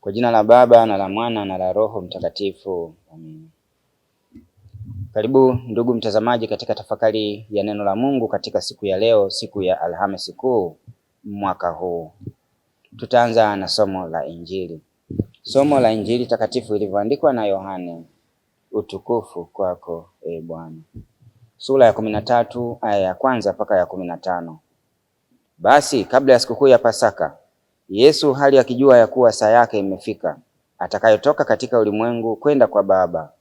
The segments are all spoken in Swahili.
Kwa jina la Baba na la Mwana na la Roho Mtakatifu, amina. Karibu ndugu mtazamaji, katika tafakari ya neno la Mungu katika siku ya leo, siku ya Alhamisi Kuu mwaka huu. Tutaanza na somo la Injili, somo la Injili takatifu ilivyoandikwa na Yohane. Utukufu kwako e Bwana. Sura ya kumi na tatu aya ya kwanza mpaka ya kumi na tano. Basi kabla ya sikukuu ya Pasaka Yesu hali akijua ya kuwa saa yake imefika atakayotoka katika ulimwengu kwenda kwa Baba,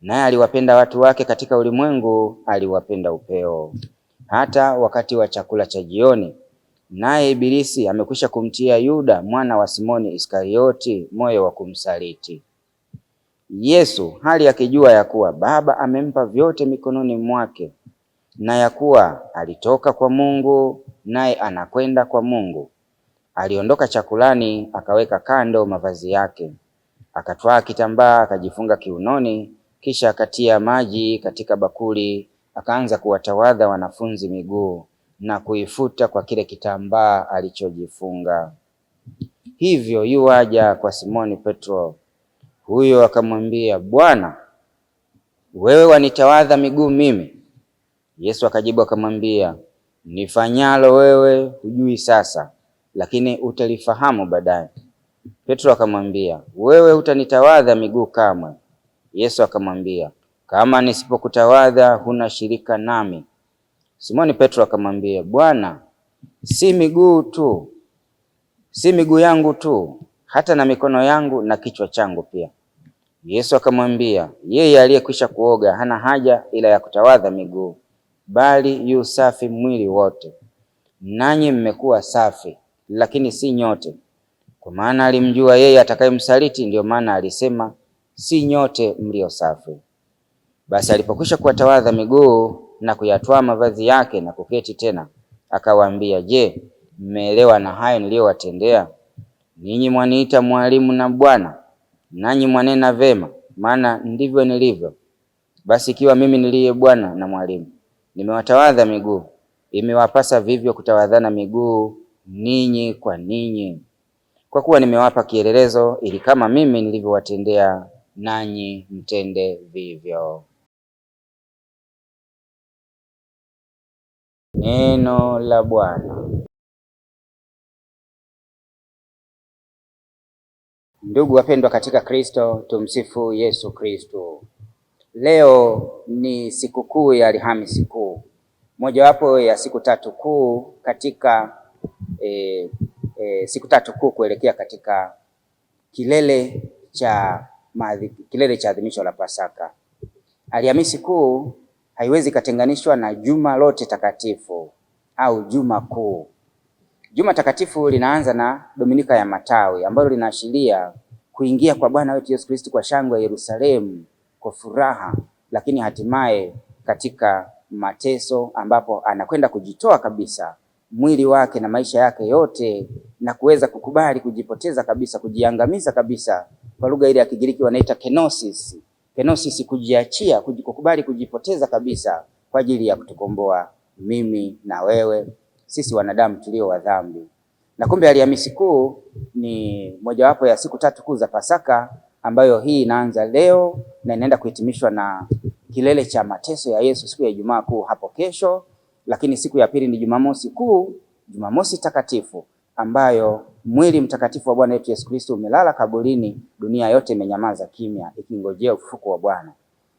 naye aliwapenda watu wake katika ulimwengu, aliwapenda upeo hata wakati wa chakula cha jioni. Naye Ibilisi amekwisha kumtia Yuda mwana wa Simoni Iskarioti moyo wa kumsaliti. Yesu hali akijua ya kuwa Baba amempa vyote mikononi mwake na ya kuwa alitoka kwa Mungu naye anakwenda kwa Mungu Aliondoka chakulani akaweka kando mavazi yake, akatwaa kitambaa akajifunga kiunoni, kisha akatia maji katika bakuli, akaanza kuwatawadha wanafunzi miguu na kuifuta kwa kile kitambaa alichojifunga. Hivyo yu waja kwa Simoni Petro, huyo akamwambia, Bwana, wewe wanitawadha miguu mimi? Yesu akajibu akamwambia, nifanyalo wewe hujui sasa lakini utalifahamu baadaye. Petro akamwambia, wewe hutanitawadha miguu kamwe. Yesu akamwambia, kama nisipokutawadha huna shirika nami. Simoni Petro akamwambia, Bwana, si miguu tu, si miguu yangu tu, hata na mikono yangu na kichwa changu pia. Yesu akamwambia, yeye aliyekwisha kuoga hana haja ila ya kutawadha miguu, bali yu safi mwili wote, nanyi mmekuwa safi lakini si nyote, kwa maana alimjua yeye atakayemsaliti. Ndiyo maana alisema si nyote mlio safi. Basi alipokwisha kuwatawadha miguu na kuyatwaa mavazi yake na kuketi tena, akawaambia, Je, mmeelewa na hayo niliyowatendea ninyi? Mwaniita mwalimu na Bwana, nanyi mwanena vema, maana ndivyo nilivyo. Basi ikiwa mimi niliye Bwana na mwalimu nimewatawadha miguu, imewapasa vivyo kutawadhana miguu ninyi kwa ninyi, kwa kuwa nimewapa kielelezo, ili kama mimi nilivyowatendea nanyi mtende vivyo. Neno la Bwana. Ndugu wapendwa katika Kristo, tumsifu Yesu Kristo. Leo ni sikukuu ya Alhamisi Kuu, mojawapo ya siku tatu kuu katika e, e, siku tatu kuu kuelekea katika kilele cha maadhi, kilele cha adhimisho la Pasaka. Alhamisi Kuu haiwezi ikatenganishwa na juma lote takatifu au juma kuu. Juma takatifu linaanza na Dominika ya Matawi ambalo linaashiria kuingia kwa Bwana wetu Yesu Kristo kwa shangwe ya Yerusalemu, kwa furaha, lakini hatimaye katika mateso ambapo anakwenda kujitoa kabisa mwili wake na maisha yake yote na kuweza kukubali kujipoteza kabisa, kujiangamiza kabisa. Kwa lugha ile ya Kigiriki wanaita kenosis. Kenosis, kujiachia, kukubali kujipoteza kabisa kwa ajili ya kutukomboa mimi na wewe, sisi wanadamu tulio wa dhambi. Na kumbe Alhamisi Kuu ni mojawapo ya siku tatu kuu za Pasaka, ambayo hii inaanza leo na inaenda kuhitimishwa na kilele cha mateso ya Yesu siku ya Ijumaa Kuu hapo kesho lakini siku ya pili ni Jumamosi Kuu, Jumamosi Takatifu ambayo mwili mtakatifu wa Bwana wetu Yesu Kristo umelala kaburini, dunia yote imenyamaza kimya ikingojea ufufuko wa Bwana.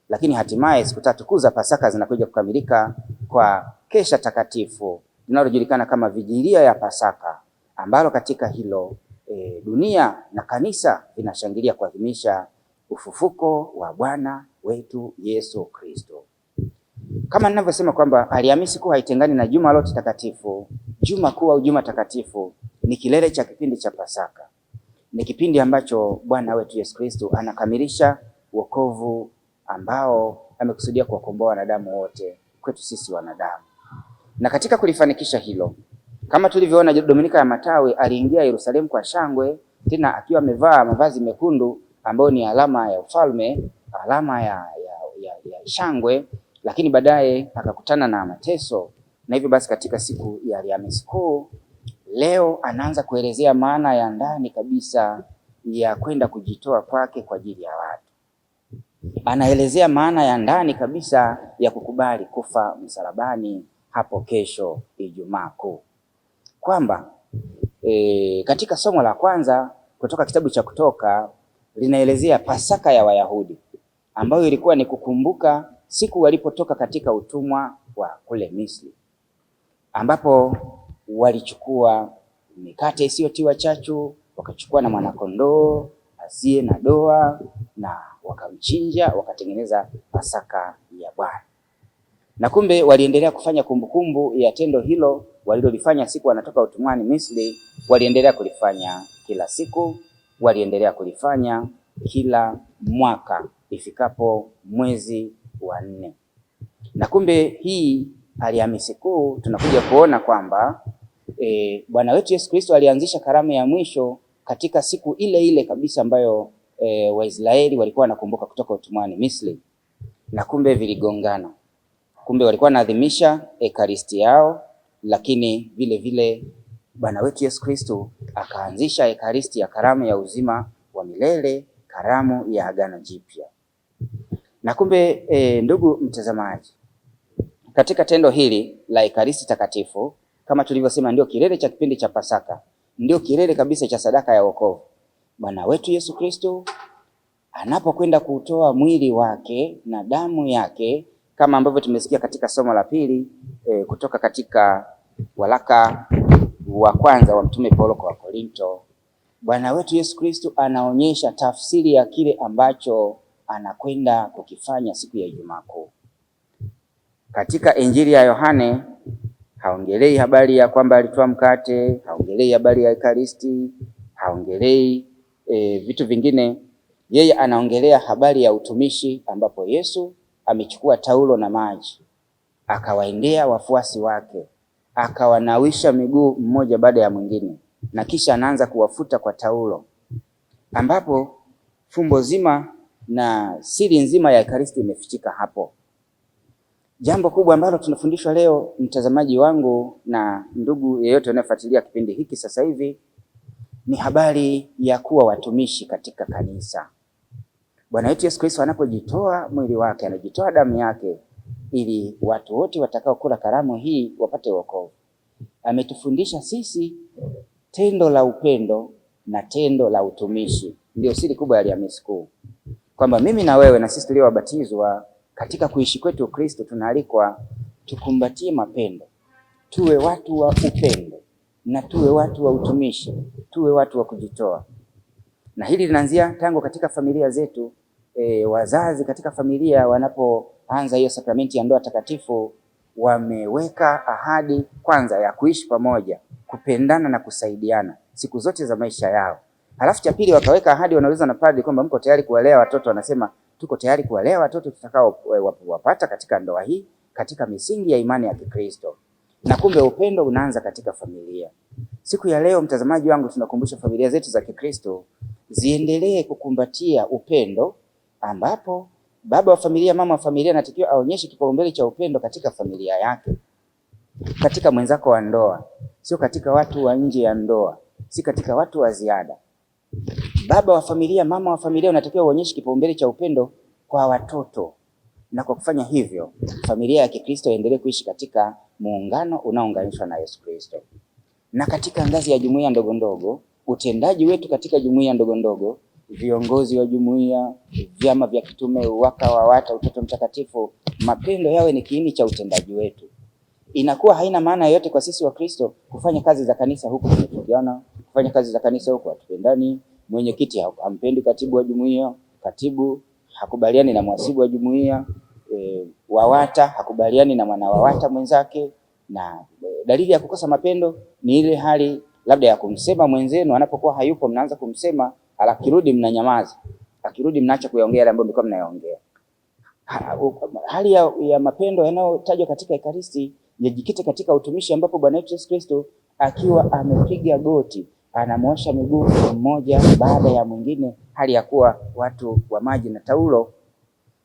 Lakini hatimaye siku tatu kuu za Pasaka zinakuja kukamilika kwa kesha takatifu linalojulikana kama Vigilia ya Pasaka, ambalo katika hilo e, dunia na kanisa vinashangilia kuadhimisha ufufuko wa Bwana wetu Yesu Kristo. Kama ninavyosema kwamba Alhamisi Kuu haitengani na Juma lote takatifu. Juma Kuu au Juma takatifu ni kilele cha kipindi cha Pasaka, ni kipindi ambacho Bwana wetu Yesu Kristo anakamilisha wokovu ambao amekusudia kuwakomboa wanadamu wote kwetu sisi wanadamu. Na katika kulifanikisha hilo, kama tulivyoona, Dominika ya Matawi aliingia Yerusalemu kwa shangwe, tena akiwa amevaa mavazi mekundu ambayo ni alama ya ufalme, alama ya, ya, ya, ya shangwe lakini baadaye akakutana na mateso, na hivyo basi katika siku ya Alhamisi Kuu leo anaanza kuelezea maana ya ndani kabisa ya kwenda kujitoa kwake kwa ajili ya watu. Anaelezea maana ya ndani kabisa ya kukubali kufa msalabani hapo kesho Ijumaa Kuu, kwamba e, katika somo la kwanza kutoka kitabu cha Kutoka linaelezea Pasaka ya Wayahudi ambayo ilikuwa ni kukumbuka siku walipotoka katika utumwa wa kule Misri, ambapo walichukua mikate isiyotiwa chachu, wakachukua na mwanakondoo asiye na doa na wakamchinja, wakatengeneza Pasaka ya Bwana. Na kumbe waliendelea kufanya kumbukumbu ya tendo hilo walilolifanya siku wanatoka utumwani Misri, waliendelea kulifanya kila siku, waliendelea kulifanya kila mwaka ifikapo mwezi wa nne. Na kumbe hii Alhamisi Kuu tunakuja kuona kwamba e, Bwana wetu Yesu Kristo alianzisha karamu ya mwisho katika siku ile ile kabisa ambayo e, Waisraeli walikuwa wanakumbuka kutoka utumwani Misri, na kumbe viligongana. Kumbe walikuwa wanaadhimisha ekaristi yao, lakini vile vile Bwana wetu Yesu Kristo akaanzisha ekaristi ya karamu ya uzima wa milele, karamu ya agano jipya. Na kumbe e, ndugu mtazamaji, katika tendo hili la Ekaristi Takatifu kama tulivyosema, ndio kilele cha kipindi cha Pasaka, ndio kilele kabisa cha sadaka ya wokovu. Bwana wetu Yesu Kristo anapokwenda kutoa mwili wake na damu yake kama ambavyo tumesikia katika somo la pili e, kutoka katika waraka wa kwanza wa Mtume Paulo kwa Wakorinto, Bwana wetu Yesu Kristo anaonyesha tafsiri ya kile ambacho anakwenda kukifanya siku ya Ijumaa Kuu. Katika Injili ya Yohane haongelei habari ya kwamba alitoa mkate, haongelei habari ya Ekaristi, haongelei e, vitu vingine. Yeye anaongelea habari ya utumishi, ambapo Yesu amechukua taulo na maji akawaendea wafuasi wake, akawanawisha miguu mmoja baada ya mwingine, na kisha anaanza kuwafuta kwa taulo, ambapo fumbo zima na siri nzima ya Ekaristi imefichika hapo. Jambo kubwa ambalo tunafundishwa leo, mtazamaji wangu na ndugu yeyote anayefuatilia kipindi hiki sasa hivi, ni habari ya kuwa watumishi katika kanisa. Bwana wetu Yesu Kristo anapojitoa mwili wake, anajitoa damu yake ili watu wote watakaokula karamu hii wapate wokovu. Ametufundisha sisi tendo la upendo na tendo la utumishi, ndio siri kubwa ya Alhamisi Kuu kwamba mimi na wewe na sisi tuliowabatizwa katika kuishi kwetu Kristo tunaalikwa tukumbatie mapendo, tuwe watu wa upendo na tuwe watu wa utumishi, tuwe watu wa kujitoa. Na hili linaanzia tangu katika familia zetu. E, wazazi katika familia wanapoanza hiyo sakramenti ya ndoa takatifu wameweka ahadi kwanza ya kuishi pamoja, kupendana na kusaidiana siku zote za maisha yao. Alafu cha pili wakaweka ahadi, wanauliza na padri kwamba mko tayari kuwalea watoto, wanasema tuko tayari kuwalea watoto tutakao eh, wapata katika ndoa hii katika misingi ya imani ya Kikristo. Na kumbe upendo unaanza katika familia. Siku ya leo, mtazamaji wangu, tunakumbusha familia zetu za Kikristo ziendelee kukumbatia upendo, ambapo baba wa familia, mama wa familia anatakiwa aonyeshe kipaumbele cha upendo katika familia yake, katika mwenzako wa ndoa, sio katika watu wa nje ya ndoa, si katika watu wa ziada. Baba wa familia, mama wa familia, unatakiwa uonyeshe kipaumbele cha upendo kwa watoto, na kwa kufanya hivyo familia ya Kikristo iendelee kuishi katika muungano unaounganishwa na Yesu Kristo. Na katika ngazi ya jumuiya ndogo ndogo, utendaji wetu katika jumuiya ndogo ndogo, viongozi wa jumuiya, vyama vya kitume, waka, WAWATA, Utoto Mtakatifu, mapendo yawe ni kiini cha utendaji wetu inakuwa haina maana yoyote kwa sisi wa Kristo kufanya kazi za kanisa huku tunachukiana, kufanya kazi za kanisa huku hatupendani, mwenyekiti hampendi katibu wa jumuiya, katibu hakubaliani na mwasibu wa jumuiya e, WAWATA hakubaliani na mwana WAWATA mwenzake. Na e, dalili ya kukosa mapendo ni ile hali labda ya kumsema mwenzenu anapokuwa hayupo, mnaanza kumsema, alakirudi mnanyamaza, akirudi mnaacha kuyaongea yale ambayo mlikuwa mnayaongea. Hali ya, ya mapendo yanayotajwa katika Ekaristi yajikite katika utumishi, ambapo Bwana wetu Yesu Kristo akiwa amepiga goti anamwosha miguu mmoja baada ya mwingine, hali ya kuwa watu wa maji na taulo,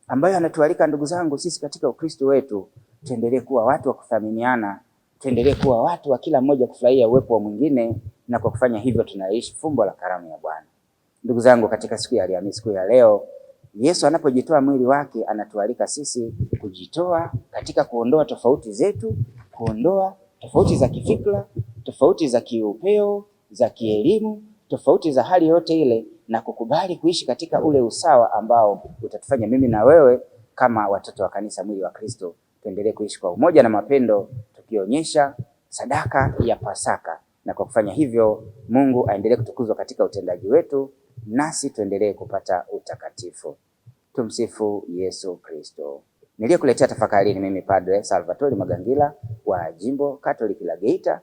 ambayo anatualika ndugu zangu, sisi katika Ukristo wetu tuendelee kuwa watu wa kuthaminiana, tuendelee kuwa watu wa kila mmoja kufurahia uwepo wa mwingine, na kwa kufanya hivyo tunaishi fumbo la karamu ya Bwana. Ndugu zangu, katika siku ya Alhamisi, siku ya leo Yesu anapojitoa mwili wake anatualika sisi kujitoa katika kuondoa tofauti zetu, kuondoa tofauti za kifikra, tofauti za kiupeo, za kielimu, tofauti za hali yote ile, na kukubali kuishi katika ule usawa ambao utatufanya mimi na wewe kama watoto wa kanisa, mwili wa Kristo, tuendelee kuishi kwa umoja na mapendo, tukionyesha sadaka ya Pasaka, na kwa kufanya hivyo Mungu aendelee kutukuzwa katika utendaji wetu nasi tuendelee kupata utakatifu. Tumsifu Yesu Kristo. Niliyekuletea tafakari ni mimi Padre Salvatore Magangila wa Jimbo Katoliki la Geita.